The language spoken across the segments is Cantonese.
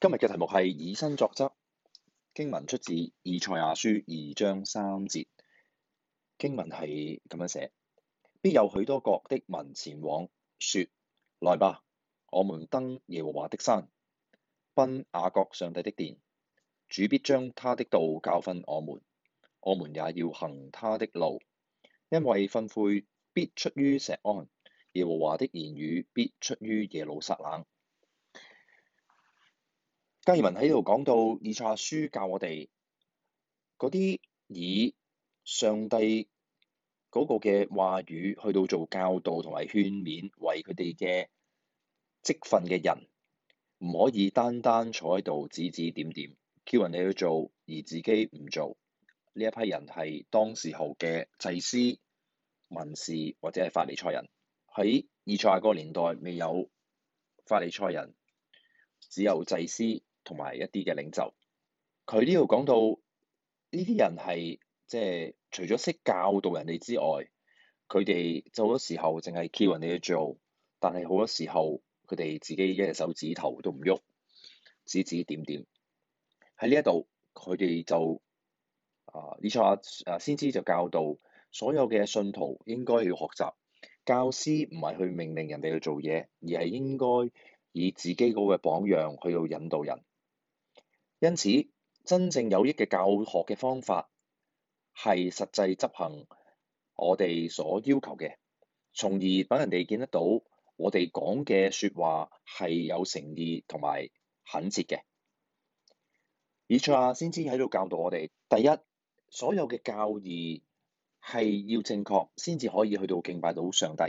今日嘅題目係以身作則，經文出自《以賽亞書》二章三節，經文係咁樣寫：必有許多國的民前往，説：來吧，我們登耶和華的山，奔雅各上帝的殿。主必將他的道教訓我們，我們也要行他的路，因為訓誨必出於錫安，耶和華的言語必出於耶路撒冷。加爾文喺度講到，以賽亞書教我哋嗰啲以上帝嗰個嘅話語去到做教導同埋勸勉，為佢哋嘅職分嘅人，唔可以單單坐喺度指指點點，叫人哋去做而自己唔做。呢一批人係當時候嘅祭司、文士或者係法利賽人。喺以賽亞嗰個年代未有法利賽人，只有祭司。同埋一啲嘅領袖，佢呢度講到呢啲人係即係除咗識教導人哋之外，佢哋好多時候淨係 key 人哋去做，但係好多時候佢哋自己一隻手指頭都唔喐，指指點點，喺呢一度，佢哋就啊，而且話啊，先知就教導所有嘅信徒應該要學習，教師唔係去命令人哋去做嘢，而係應該以自己個個榜樣去到引導人。因此，真正有益嘅教學嘅方法係實際執行我哋所要求嘅，從而等人哋見得到我哋講嘅説話係有誠意同埋懇切嘅。以賽亞先知喺度教導我哋：第一，所有嘅教義係要正確先至可以去到敬拜到上帝；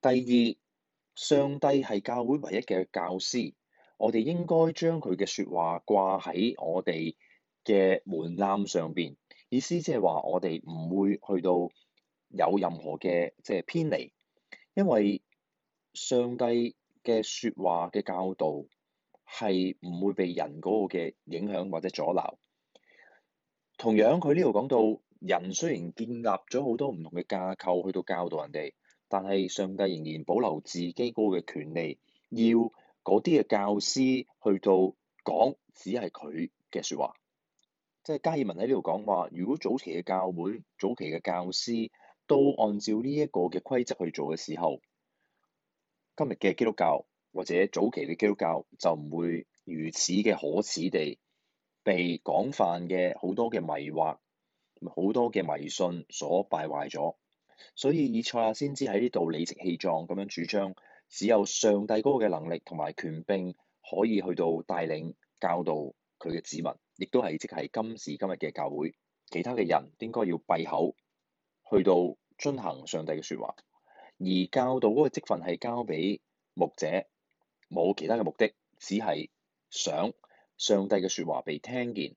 第二，上帝係教會唯一嘅教師。我哋應該將佢嘅説話掛喺我哋嘅門檻上邊，意思即係話我哋唔會去到有任何嘅即係偏離，因為上帝嘅説話嘅教導係唔會被人嗰個嘅影響或者阻撓。同樣佢呢度講到，人雖然建立咗好多唔同嘅架構去到教導人哋，但係上帝仍然保留自己嗰個嘅權利要。嗰啲嘅教師去到講，只係佢嘅説話。即係加爾文喺呢度講話，如果早期嘅教會、早期嘅教師都按照呢一個嘅規則去做嘅時候，今日嘅基督教或者早期嘅基督教就唔會如此嘅可恥地被廣泛嘅好多嘅迷惑、好多嘅迷信所敗壞咗。所以以賽亞先知喺呢度理直氣壯咁樣主張。只有上帝嗰個嘅能力同埋權柄，可以去到帶領教導佢嘅子民，亦都係即係今時今日嘅教會，其他嘅人應該要閉口，去到遵行上帝嘅說話，而教導嗰個職份係交俾牧者，冇其他嘅目的，只係想上帝嘅說話被聽見，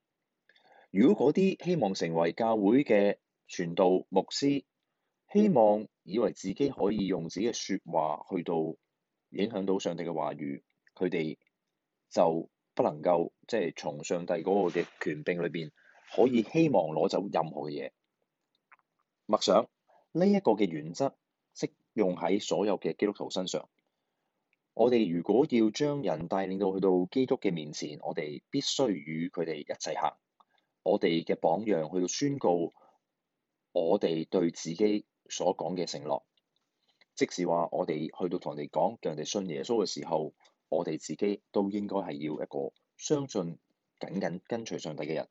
如果嗰啲希望成為教會嘅傳道牧師。希望以為自己可以用自己嘅説話去到影響到上帝嘅話語，佢哋就不能夠，即係從上帝嗰個嘅權柄裏邊可以希望攞走任何嘅嘢。默想呢一個嘅原則適用喺所有嘅基督徒身上。我哋如果要將人帶領到去到基督嘅面前，我哋必須與佢哋一齊行。我哋嘅榜樣去到宣告我哋對自己。所講嘅承諾，即使話我哋去到同人哋講，叫人哋信耶穌嘅時候，我哋自己都應該係要一個相信緊緊跟隨上帝嘅人。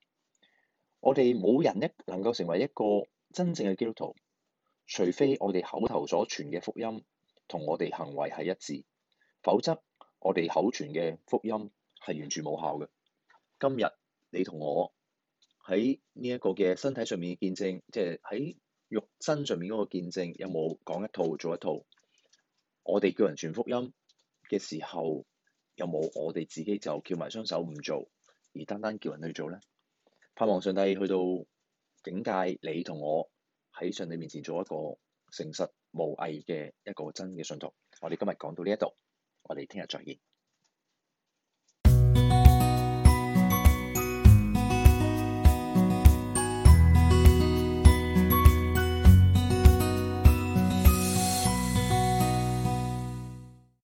我哋冇人一能夠成為一個真正嘅基督徒，除非我哋口頭所傳嘅福音同我哋行為係一致，否則我哋口傳嘅福音係完全冇效嘅。今日你同我喺呢一個嘅身體上面見證，即係喺。肉身上面嗰個見證，有冇講一套做一套？我哋叫人傳福音嘅時候，有冇我哋自己就攰埋雙手唔做，而單單叫人去做咧？盼望上帝去到警戒，你同我喺上帝面前做一個誠實無偽嘅一個真嘅信徒。我哋今日講到呢一度，我哋聽日再見。